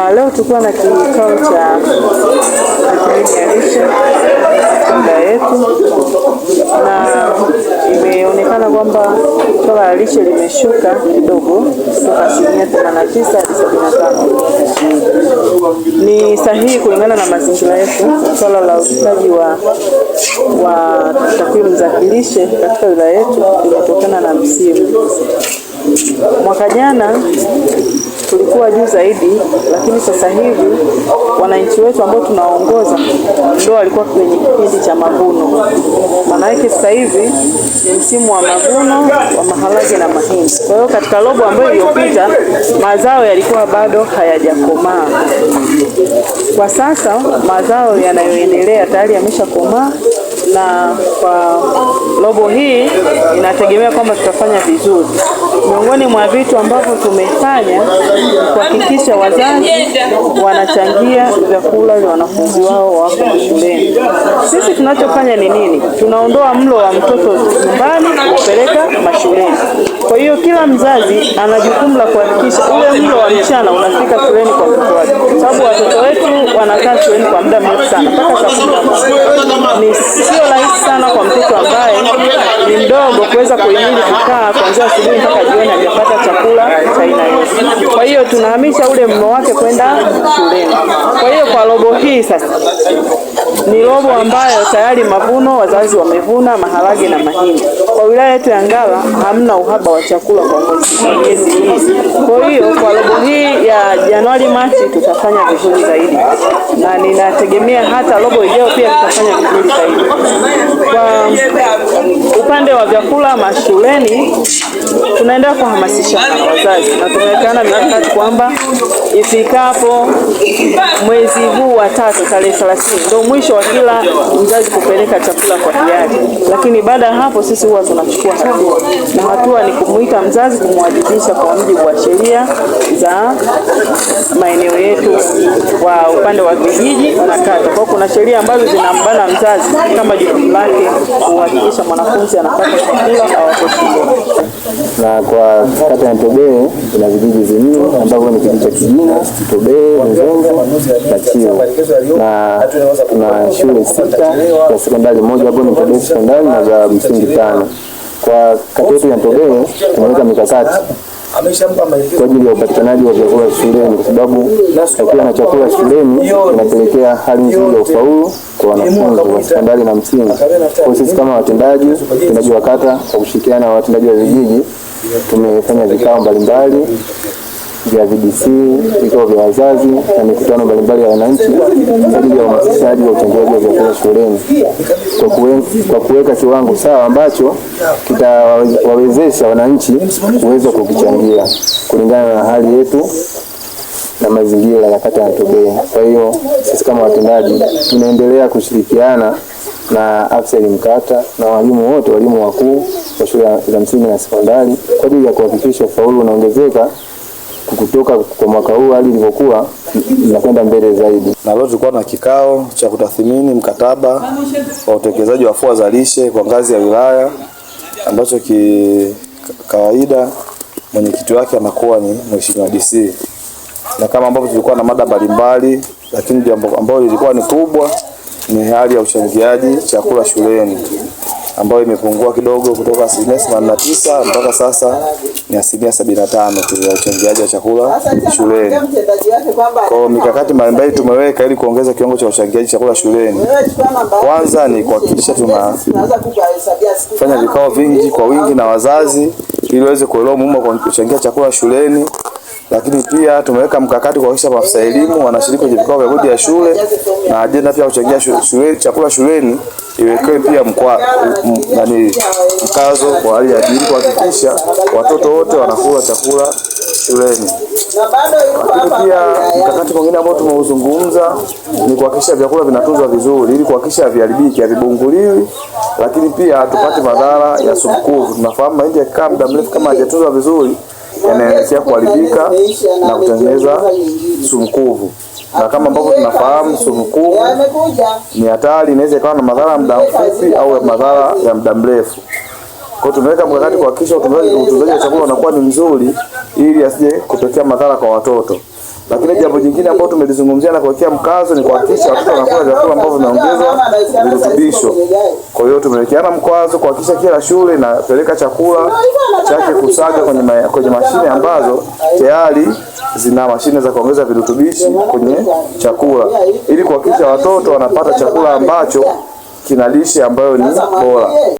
Uh, leo tulikuwa na kikao cha tathmini ya lishe kanda yetu, na imeonekana kwamba swala la lishe limeshuka kidogo kutoka asilimia themanini na tisa hadi sabini na tano. Ni sahihi kulingana na mazingira yetu. Swala la uhitaji wa wa takwimu za kilishe katika wilaya yetu limetokana na msimu mwaka jana tulikuwa juu zaidi, lakini sasa hivi wananchi wetu ambao tunaongoza ndio walikuwa kwenye kipindi cha mavuno. Maana yake sasa hivi ni msimu wa mavuno wa maharage na mahindi. Kwa hiyo katika robo ambayo iliyopita mazao yalikuwa bado hayajakomaa. Kwa sasa mazao yanayoendelea tayari yameshakomaa na kwa robo hii inategemea kwamba tutafanya vizuri. Miongoni mwa vitu ambavyo tumefanya kuhakikisha wazazi wanachangia vyakula vya wanafunzi wao wako shuleni. Sisi tunachofanya ni nini? Tunaondoa mlo wa mtoto nyumbani kupeleka mashuleni. Kwa hiyo kila mzazi ana jukumu la kuhakikisha ule mlo wa mchana unafika shuleni kwa mtoto wake, kwa sababu watoto wetu wanakaa shuleni kwa muda mrefu sana, mpaka saa Ni sio rahisi sana kwa mtoto ambaye ni mdogo kuweza kuhimili kukaa kuanzia asubuhi mpaka jioni, hajapata chakula cha aina hiyo. Kwa hiyo tunahamisha ule mlo wake kwenda shuleni. Kwa hiyo kwa robo hii sasa ni robo ambayo tayari mavuno, wazazi wamevuna maharage na mahindi. Kwa wilaya yetu ya Ngara hamna uhaba wa chakula kwa miezi hii. Kwa hiyo kwa robo hii ya Januari Machi tutafanya vizuri zaidi, na ninategemea hata robo ijayo pia tutafanya vizuri zaidi upande wa vyakula mashuleni, tunaendelea kuhamasisha wazazi, na tumewekana mikakati kwamba ifikapo mwezi huu wa tatu tarehe 30 ndio mwisho wa kila mzazi kupeleka chakula kwa hiari, lakini baada ya hapo sisi huwa tunachukua hatua, na hatua ni kumwita mzazi, kumwajibisha kwa mujibu wa sheria za maeneo yetu wa upande wa vijiji na kata. Kwa kuna sheria ambazo zinambana mzazi kama jukumu lake kuhakikisha mwanafunzi anapata chakula na watoto. Na kwa kata ya Ntobeye kuna vijiji vinne ambavyo ni kijiji cha Kijina, Ntobeye, Mzengo na Chio na tuna shule sita za sekondari, moja hapo ni Ntobeye sekondari na za msingi tano. Kwa kata yetu ya Ntobeye tumeweka mikakati kwa ajili ya upatikanaji wa vyakula shuleni, kwa sababu akiwa na chakula shuleni inapelekea hali nzuri ya ufaulu kwa wanafunzi wa sekondari na msingi. Kwa sisi kama watendaji watendaji wa kata kwa kushirikiana na watendaji wa vijiji tumefanya vikao mbalimbali vya VDC, vikao vya wazazi na mikutano mbalimbali ya wananchi kwa ajili ya uhamasishaji wa uchangiaji wa vyakula shuleni kwa kuweka kiwango sawa ambacho kitawawezesha wananchi kuweza kukichangia kulingana na hali yetu na mazingira ya kata ya Ntobeye. Kwa hiyo sisi kama watendaji tunaendelea kushirikiana na afisa elimu kata na walimu wote, walimu wakuu wa shule za msingi na sekondari kwa ajili ya kuhakikisha ufaulu unaongezeka kutoka kwa mwaka huu hali ilivyokuwa inakwenda mbele zaidi. Na leo tulikuwa na kikao cha kutathmini mkataba wa utekelezaji wa afua za lishe kwa ngazi ya wilaya ambacho ki kawaida mwenyekiti wake anakuwa ni mheshimiwa DC, na kama ambavyo tulikuwa na mada mbalimbali, lakini jambo ambalo lilikuwa ni kubwa ni hali ya uchangiaji chakula shuleni ambayo imepungua kidogo kutoka asilimia themanini na tisa mpaka sasa ni asilimia sabini na tano ya uchangiaji wa chakula shuleni. Kwa mikakati mbalimbali tumeweka ili kuongeza kiwango cha uchangiaji chakula shuleni. Kwanza ni kuhakikisha tunafanya vikao vingi kwa wingi na wazazi ili waweze kuelewa umuhimu wa kuchangia chakula shuleni lakini pia tumeweka mkakati kuhakikisha maafisa elimu wanashiriki kwenye vikao vya bodi ya shule na ajenda pia kuchangia shule, chakula shuleni iwekewe pia mkwa, nani mkazo kwa hali ya juu kuhakikisha watoto wote wanakula chakula shuleni. Lakini pia mkakati mwingine ambao tumeuzungumza ni kuhakikisha vyakula vinatunzwa vizuri ili kuhakikisha haviharibiki, havibunguliwi, lakini pia tupate madhara ya subukuvu. Tunafahamu mahindi yakikaa muda mrefu kama hajatunzwa vizuri yanaelekea kuharibika na kutengeneza sumukuvu, na kama ambavyo tunafahamu sumukuvu ni hatari, inaweza ikawa na madhara ya muda mfupi au madhara ya muda mrefu. Kwa tumeweka mkakati kuhakikisha utunzaji wa chakula unakuwa ni mzuri ili asije kutokea madhara kwa watoto. Lakini jambo jingine ambalo tumelizungumzia na kuwekea mkazo ni kuhakikisha watoto wanakula vyakula ambavyo vinaongezwa virutubisho. Kwa hiyo tumewekeana mkwazo kuhakikisha kila shule inapeleka chakula chake kusaga kwenye, ma, kwenye mashine ambazo tayari zina mashine za kuongeza virutubishi kwenye chakula ili kuhakikisha watoto wanapata chakula ambacho kina lishe ambayo ni bora.